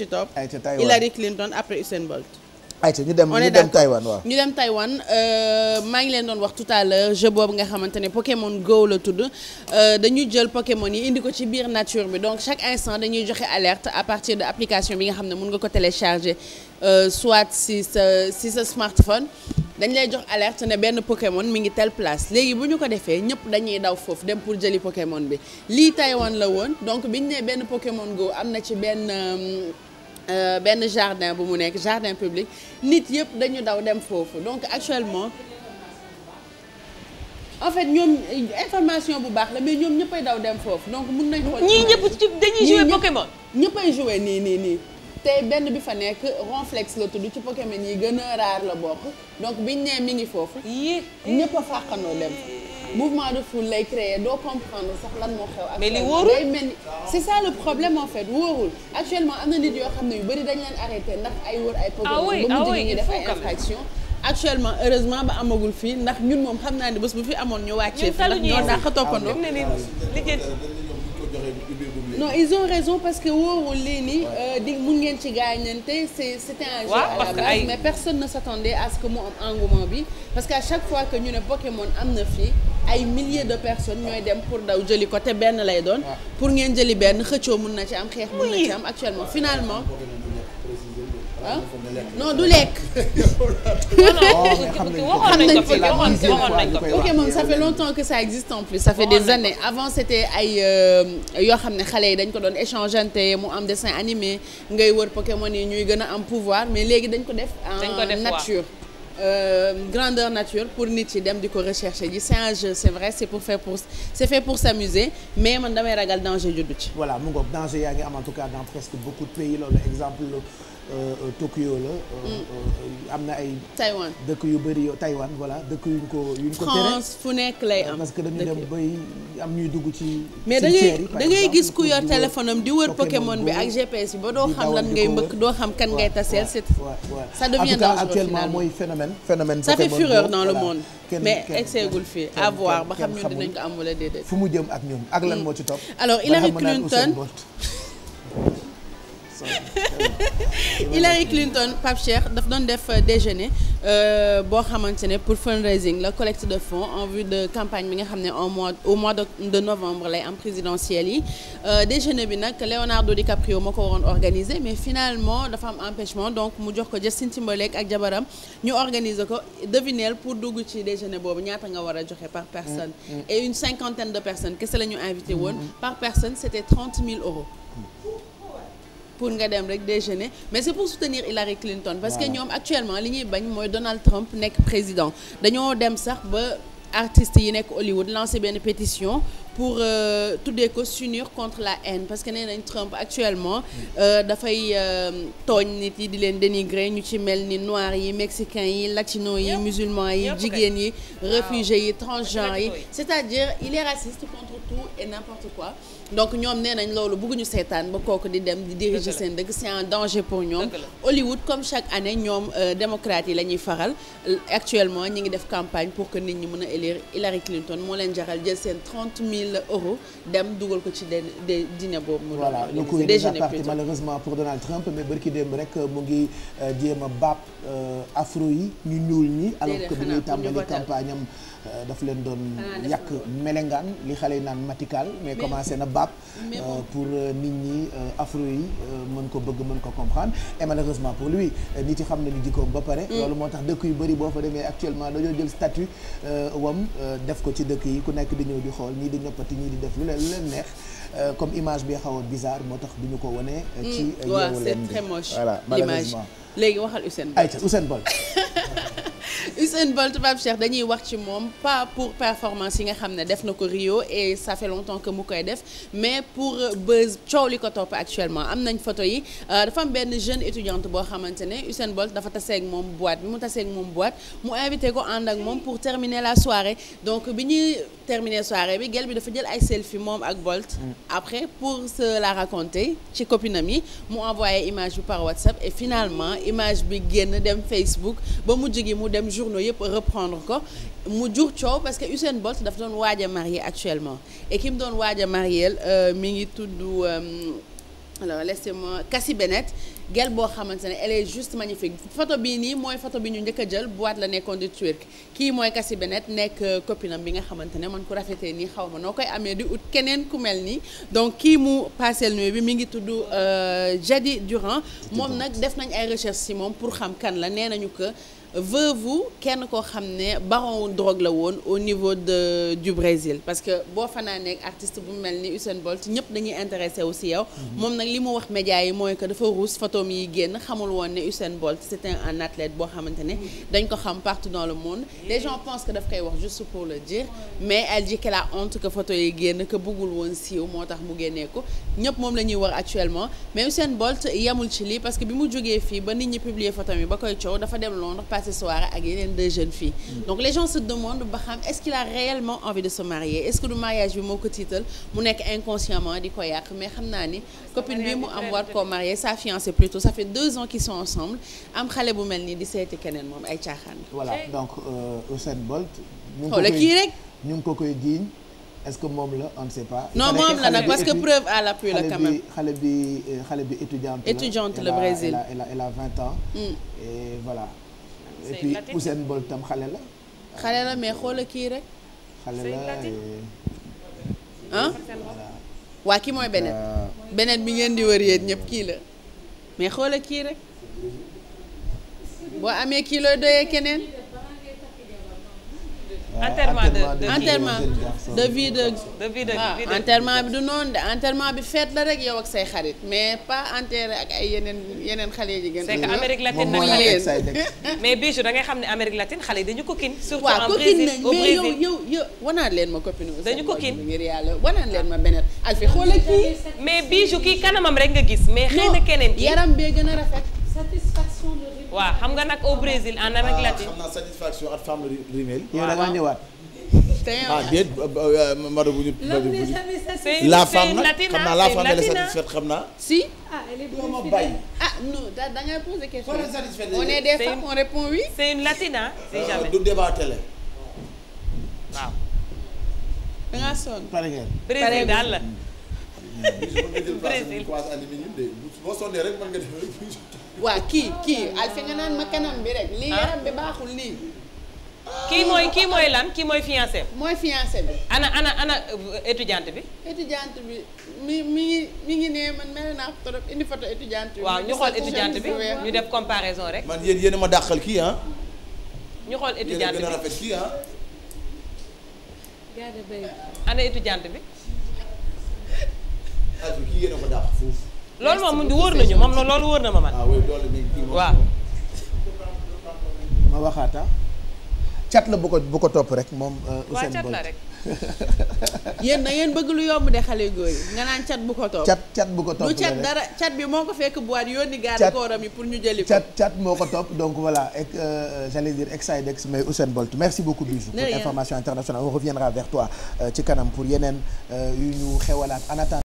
ci topp. Hillary Clinton après Usain Bolt. ayca ñu dem ñu dem Taïwan waaw ñu dem Taïwan euh, maa ngi leen doon wax tout à l'heure jeu boobu nga xamante ne Pokémon Go la tudd euh, dañuy jël Pokémon yi indi ko ci biir nature bi donc chaque instant dañuy joxe alerte à partir de application bi nga xam ne mun nga ko télécharger euh, soit si sa si sa smartphone dañ lay jox alerte ne benn Pokémon mi ngi telle place léegi bu ñu ko defee ñëpp dañuy daw foofu dem pour jëli Pokémon bi lii Taïwan la woon donc biñ ne benn Pokémon Euh, benn jardin bu mu nekk jardin public nit yëpp dañu daw dem foofu donc actuellement en fait ñoom information bu baax la mais ñoom ñëppay daw dem foofu donc mun nañu. ñii ñëpp ci dañuy jouer Pokémon. ñëppay jouer nii nii nii. tey benn bi fa nekk Ronflex la tudd ci Pokémon yi gën a raar la bokk donc biñ nee mi ngi foofu. yii a fàqanoo dem. mouvement de foule lay créer doo comprendre sax lan moo xew. mais li wóorul day mel ni c'est ça le problème en fait wóorul actuellement am na nit yoo xam ne yu bëri dañ leen arrêté ndax ay wër ay. ah oui ba mujj ah ñuy def ay infraction actuellement heureusement ba amagul fii ndax ñun moom xam naa ne bés bu fi amoon ñu wàccee. ñun taluñu ndax ñoo dàq toppandoo. Ah, non ils ont raison parce que wóorul lii nii euh, di mun ngeen ci gaañante c'est c'était un jeu à la base mais personne ne s'attendait à ce que mu am engouement bi parce que à chaque fois que ñu ne Pokémon am na fii ay milliers de personnes ñooy dem pour daw jëli ko te benn lay doon pour ngeen jëli benn xëccoo mun na ci am xeex mu na ci am actuellement finalement non du lekk. xam nañ fi ok moom ça fait longtemps que ça existe en plus. ça fait des années avant c'était ay euh, yoo xam ne xale yi dañ ko doon échangeante mu am dessin animé ngay wër Pokémon yi ñuy gën a am pouvoir mais léegi dañ ko def. en nature. Euh, grandeur nature pour nit yi dem di ko rechercher ji c'est un jeu c'est vrai c'est pour faire pour c'est fait pour s'amuser mais man damay ragal danger juddu ci. voilà mu ngoog danger yaa ngi am en tout cas dans presque beaucoup de pays loolu exemple. Euh, euh, Tokyo la. Euh, mm. am na ay. Taïwan dëkk yu bëri yoo Taïwan voilà dëkk yuñ ko yuñ ko tere. fu nekk lay am parce que dañu dem bay am ñuy dugg ci. mais da ngay da ngay gis ku yor téléphone am di wër Pokémon bi ak GPS bi ba doo xam lan ngay mbëkk doo xam kan ngay taseel. c'est ça devient dangereux actuellement mooy phénomène. phénomène ça fait fureur dans le monde. mais exeggul fii am wala fu mu jëm ak ñoom ak lan mm. moo ci topp. alors Hillary Clinton. Hillary Clinton Pape Cheikh daf doon def euh, déjeuner euh, boo xamante ne pour fundraising la collecte de fonds en vue de campagne bi nga xam ne en mois au mois de novembre lay am présidentielle yi euh, déjeuner bi nag Leonardo DiCaprio ma ko waroon organiser mais finalement dafa am empêchement donc mu jox ko Justin Timberlake ak jabaram ñu organiser ko devineel pour dugg ci déjeuner boobu ñaata nga war a joxe par personne mm, mm. et une cinquantaine de personnes kese la ñu invité woon mm, par personne c'était trente mille pour nga dem rek déjeuner mais c'est pour soutenir Hillary Clinton parce que ñoom actuellement li ñuy bañ mooy Donald Trump nekk président dañoo dem sax ba artistes yi nekk Hollywood lancé benn pétition pour euh, tuddee ko s'unir contre la haine parce que nee nañ Trump actuellement euh, dafay euh, tooñ nit yi di leen dénigrer ñu ci mel ni noir yi mexicains yi latinos yi musulmans yi jigéen yi réfugiés yi transgenres yi c'est-à-dire il est raciste contre tout et n'importe quoi donc ñoom nee nañ loolu bëgguñu seetaan ba kooku di dem di diriger seen dëkk c'est un danger pour ñoom Hollywood comme chaque année ñoom démocrates yi la ñuy faral actuellement ñi ngi def campagne pour que nit ñi mën a élire Hillary moo leen jaral jël seen mille euros dem ci des dîner boobu. mu voilà le coup est déjà parti malheureusement pour Donald Trump mais barki démb rek euh, mu ngi euh, jéem a bàpp euh, afro yi ñu ñuul ñi. alors que bu ñuy tàmbali campagne daf leen doon ah, yàq melengaan li xale yi naan matical mais commencé na bàpp pour nit ñi afro yi mën ko bëgg mën ko comprendre et malheureusement pour lui nit yi xam nañu jikkoom ba pare mm. loolu moo tax dëkk yu bëri boo fa demee actuellement dañoo jël statut wam def ko ci dëkk yi ku nekk di di xool ñii di nëppati ñii di def lu leen lu euh, comme image bi xaw a bizarre moo tax du ñu ko wane. ci hmm, Yeewu Leen bi waaw c'est très moche l'image léegi waxal Usain Bolt. ayca Usain Bolt. Usain Bolt Pape Cheikh dañuy wax ci moom pas pour performance yi nga xam ne def na ko Rio et ça fait longtemps que mu koy def mais pour euh, buzz coow li ko topp actuellement am nañ foto yi euh, dafa am benn jeune étudiante boo xamante ne Usain Bolt dafa taseeg moom boîte bi mu taseeg moom boîte mu invité ko ànd ak moom pour terminer la soirée donc bi ñuy terminer soirée bi gel bi dafa jël ay selfie moom ak Bolt. Mm. après pour se la raconter ci copinam yi mu envoyé image par WhatsApp et finalement image bi génn dem Facebook internationaux yëpp reprendre ko mu jur coow parce que Usain Bolt dafa doon waaja a marié actuellement et doon waaja a marié euh, mi ngi tuddu euh, alors laissez-moi Cassie Bennett gel boo xamante ne elle est juste magnifique photo bii nii mooy photo bi ñu njëkk a jël boîte la nekkoon di Turc kii mooy Cassie Bennett nekk euh, copinam bi nga xamante ne man ku rafetee nii xaw ma noo koy amee di ut keneen ku mel nii donc kii mu passel nuyu bi mi ngi tudd Jadi Durand moom nag def nañ ay recherche si moom pour xam la nee nañu que veuve kenn koo xam ne baron drogue la woon au niveau de du Brésil parce que boo fanaanee ak artiste bu mel ni Usain Bolt ñëpp dañuy wu si yow. Mhm. moom nag li mu wax média yi mooy que dafa ruus photom yi génn xamul woon ne Usain Bolt c'était un athlète boo xamante ne dañ ko xam partout dans le monde les gens pensent que daf koy wax juste pour le dire mais elle dit qu'elle a honte que photo yi génn que bëggul woon siiw moo tax mu génnee ko ñëpp moom la ñuy war actuellement mais Usain Bolt yemul ci lii parce que bi mu jógee fii ba nit ñi publier photo yi ba koy dafa dem passé soirée ak yeneen deux jeunes mm. donc les gens se demandent ba xam est-ce qu'il a réellement envie de se marier est-ce que du mariage bi moo ko tiital mu nekk inconsciemment di ko mais xam naa ni copine bi mu am war koo sa fiancée plutôt ça fait deux ans qu'ils sont ensemble am xale mel nii di seeti keneen moom ay caaxaan voilà donc euh, Usain Bolt xoola kii la on ne sait pas. non moom la nag parce que preuve à l'appui la quand même xale euh, étudiante la Brésil elle a a et puis seen Bolt tam xale la. xale la mais xool a kii rek. xale la eh, waa ki mooy beneen. Ah. beneen bi ngeen di wër yéen ñëpp kii la mais xool a kii rek boo amee kii looy doyee keneen. enterrement de de vie de de vie ah, bi du noonu de enterrement bi feet la rek yow ak say xarit mais pas enterré ak ay yeneen yeneen xale yi gën. c'est que Amérique latine nag mais Bijou da ngay xam ne Amérique latine xale yi dañu coquine. surtout en Brésil au Brésil waaw coquine nañ mais yow yow yow wanaat leen ma copine. dañu coquine ngir yàlla wanaat leen ma beneen. Alfi xoolal kii mais Bijou kii kanamam rek nga gis. mais xëy keneen yaram bee gën a rafet. waaw xam nga nag au Brésil en Amérique ah, latine. xam naa satisfaction ak femme rimel. yow da ngaa ñëwaat. ah déet Mado bu ñu. la femme nag xam naa la femme elle est satisfaite xam naa. si. ah elle est boo bàyyi. ah non da da ngay poser question. on est des femmes on répond euh, la. Brésil boo sonnee rek rek. waaw kii kii Alfi nga naan ma kanam bi rek. lii ah. yaram bi baaxul lii. kii mooy kii mooy lan kii mooy fiancé bi. mooy fiancé bi. ana ana ana euh, étudiante bi. étudiante bi mi mi ngi mi ngi ne man mere naa ko trop indi photo étudiante bi. waaw ñu xool étudiante bi ñu def comparaison rek. man yéen yéen a ma dàqal kii ah. ñu xool étudiante bi a gën a rafet kii ah. ana étudiante bi. loolu moom mu wóor nañu moom loolu wóor na ma man. Ah waaw. ma waxaata ah. cat la bu ko bu ko topp rek moom. Euh, Usain Bolt cat la rek. yéen da ngeen bëgg lu yomb de xale góor yi nga naan cat bu ko topp. cat cat bu ko topp lu cat dara cat bi moo ko fekk bu waat yónni garde kooram yi pour ñu jëli ko. cat cat moo ko topp donc voilà ek euh, j'allais dire Exidex mais Usain Bolt merci beaucoup Bijou pour information internationale on reviendra vers toi euh, ci kanam pour yeneen yu